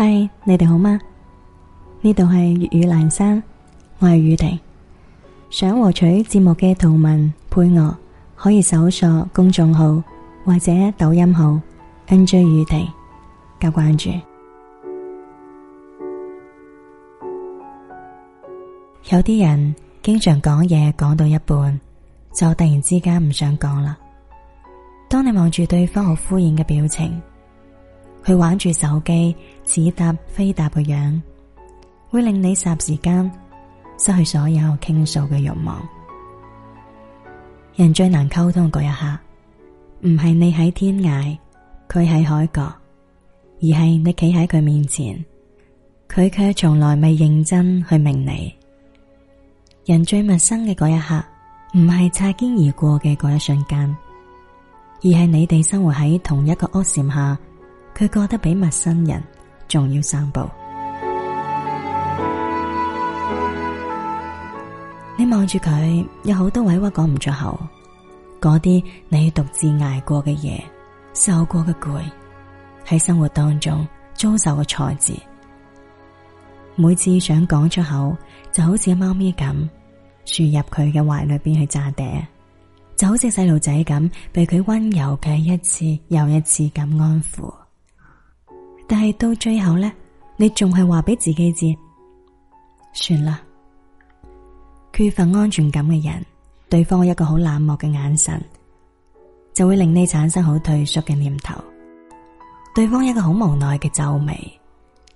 嗨，Hi, 你哋好嗎？呢度係粵語蘭山，我係雨婷。想獲取節目嘅圖文配樂，可以搜索公眾號或者抖音號 N J 雨婷加關注。有啲人經常講嘢講到一半，就突然之間唔想講啦。當你望住對方好敷衍嘅表情，佢玩住手機，似答非答嘅樣，會令你霎時間失去所有傾訴嘅欲望。人最難溝通嗰一刻，唔係你喺天涯，佢喺海角，而係你企喺佢面前，佢卻從來未認真去明你。人最陌生嘅嗰一刻，唔係擦肩而過嘅嗰一瞬間，而係你哋生活喺同一個屋檐下。佢覺得比陌生人仲要三步。你望住佢，有好多委屈講唔出口，嗰啲你獨自挨過嘅夜，受過嘅攰，喺生活當中遭受嘅挫折，每次想講出口，就好似貓咪咁，輸入佢嘅懷裏邊去扎嗲，就好似細路仔咁，被佢温柔嘅一次又一次咁安撫。但係到最後呢，你仲係話俾自己知，算啦。缺乏安全感嘅人，對方一個好冷漠嘅眼神，就會令你產生好退縮嘅念頭；對方一個好無奈嘅皺眉，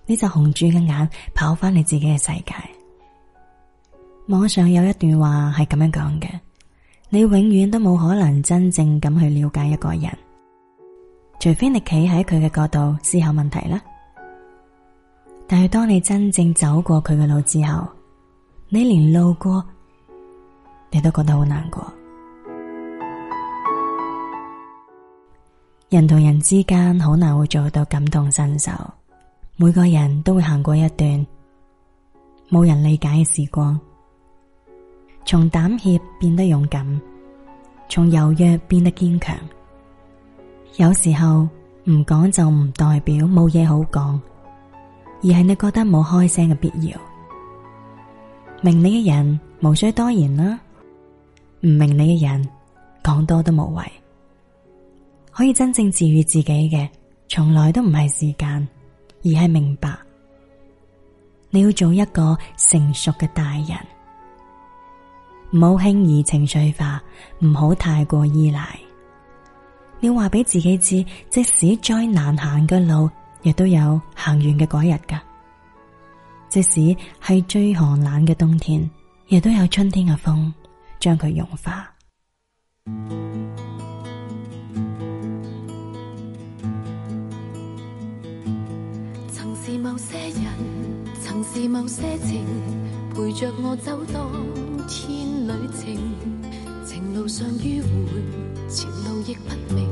你就紅住嘅眼跑翻你自己嘅世界。網上有一段話係咁樣講嘅：你永遠都冇可能真正咁去了解一個人。除非你企喺佢嘅角度思考問題啦，但係當你真正走過佢嘅路之後，你連路過你都覺得好難過。人同人之間好難會做到感同身受，每個人都會行過一段冇人理解嘅時光，從膽怯變得勇敢，從柔弱變得堅強。有時候唔講就唔代表冇嘢好講，而係你覺得冇開聲嘅必要。明你嘅人無需多言啦啊，唔明你嘅人講多都無謂。可以真正治愈自己嘅，從來都唔係時間，而係明白。你要做一個成熟嘅大人，唔好輕易情緒化，唔好太過依賴。要話俾自己知，即使再難行嘅路，亦都有行完嘅嗰日噶；即使係最寒冷嘅冬天，亦都有春天嘅風將佢融化。曾是某些人，曾是某些情，陪着我走當天旅程，情路上迂回，前路亦不明。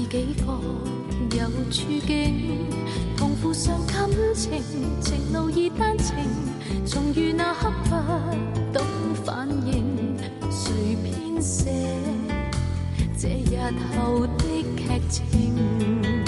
自己各有處境，同負上感情，情路易單程，重遇那刻不懂反應，誰編寫這日後的劇情？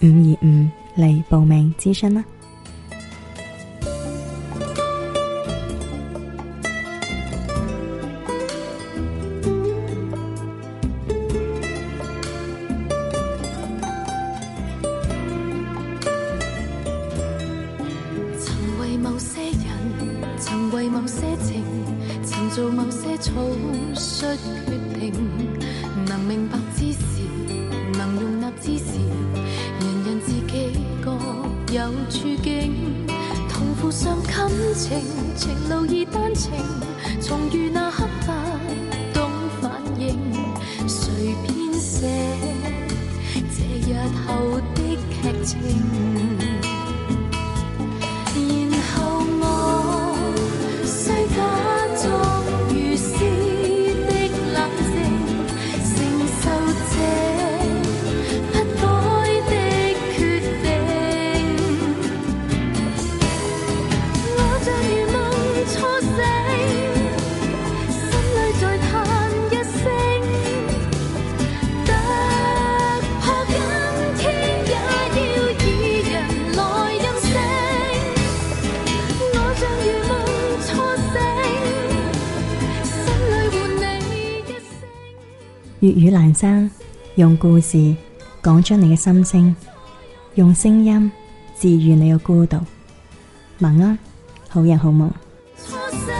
五二五嚟報名諮詢啦！曾為某些人，曾為某些情，曾做某些草率決定。能明白之事，能容納之事。有處境，同付上感情，情路易單程，重遇那刻不懂反應，誰編寫這日後的劇情？粵語闌珊，用故事講出你嘅心聲，用聲音治愈你嘅孤獨。晚安，好人好夢。